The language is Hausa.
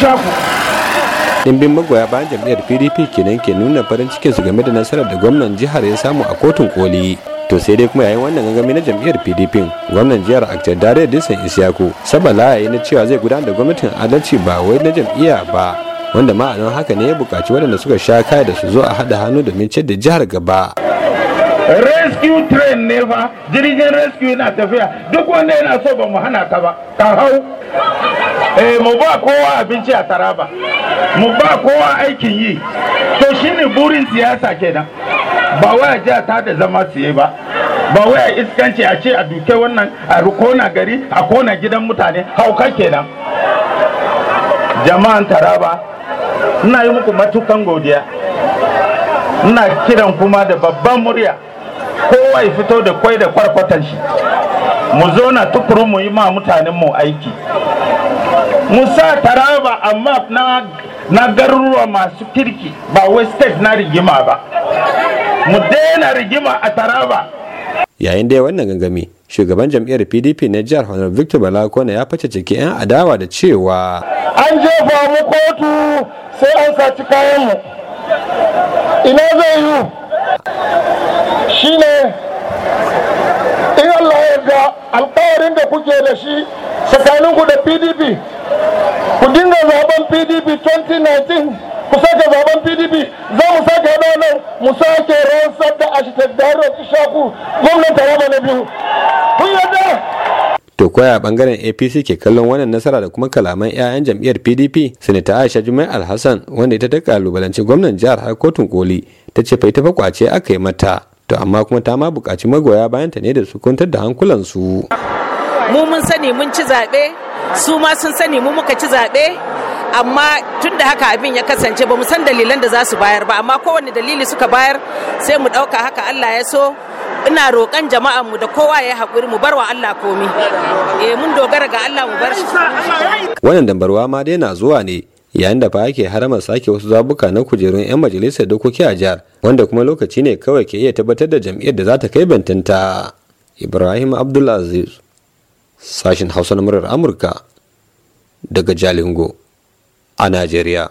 shaku dimbin magoya bayan jam'iyyar pdp kenan ke nuna farin cikin su game da nasarar da gwamnan jihar ya samu a kotun koli to sai dai kuma yayin wannan gangami na jam'iyyar pdp gwamnan jihar akta dare disan isiyaku sabala yayi na cewa zai gudanar da gwamnatin adalci ba wai na jam'iyya ba wanda ma don haka ne ya buƙaci waɗanda suka sha kai da su zo a haɗa hannu domin ciyar da jihar gaba rescue train ne fa jirgin rescue yana tafiya duk wanda yana so ba mu hana ka ba ka hau eh mu ba kowa abinci a taraba mu ba kowa aikin yi to shine burin siyasa kenan ba waya jiya ta da zama siye ba ba waya iskanci a ce a duke wannan a kona gari a kona gidan mutane hauka kenan jama'an taraba ina yi muku matukan godiya ina kiran kuma da babban murya kowa ya fito da kwai da kwarkwatan shi mu zo na tukuru mu yi ma mutanenmu aiki musa taraba amma na na garuruwa masu kirki ba west state na rigima ba mu daina rigima a taraba yayin da wannan gangami shugaban jam'iyyar pdp na jihar honorable victor balakona ya face ciki 'yan adawa da cewa an jefa mu kotu sai an saci kayanmu ina zai yi shine in allah yarda alkawarin da kuke da shi tsakaninku da pdp ku dinga zaben pdp 2019 ku sake zaben pdp za mu sake hada nan mu sake rantsar da ashitar da harin ishaku gwamnan taraba na biyu kun yadda to koya bangaren apc ke kallon wannan nasara da kuma kalaman 'ya'yan jam'iyyar pdp sanata aisha jumai alhassan wanda ita ta kalubalanci gwamnan jihar har kotun koli ta ce fai ta fa aka yi mata to amma kuma ta ma bukaci magoya bayanta ne da su kwantar da hankulansu mu mun sani mun ci zaɓe su ma sun sani mu muka ci zaɓe amma tun da haka abin ya kasance ba mu san dalilan da za su bayar ba amma kowane dalili suka bayar sai mu ɗauka haka Allah ya so ina roƙon jama'an mu da kowa ya haƙuri mu bar wa Allah komi eh mun dogara ga Allah mu bar shi wannan dambarwa ma dai na zuwa ne yayin da fa ake haramar sake wasu zabuka na kujerun 'yan majalisar dokoki a jihar wanda kuma lokaci ne kawai ke iya tabbatar da jam'iyyar da za ta kai bantanta ibrahim abdulaziz Sashen Hausa na murar Amurka daga Jalingo a Najeriya.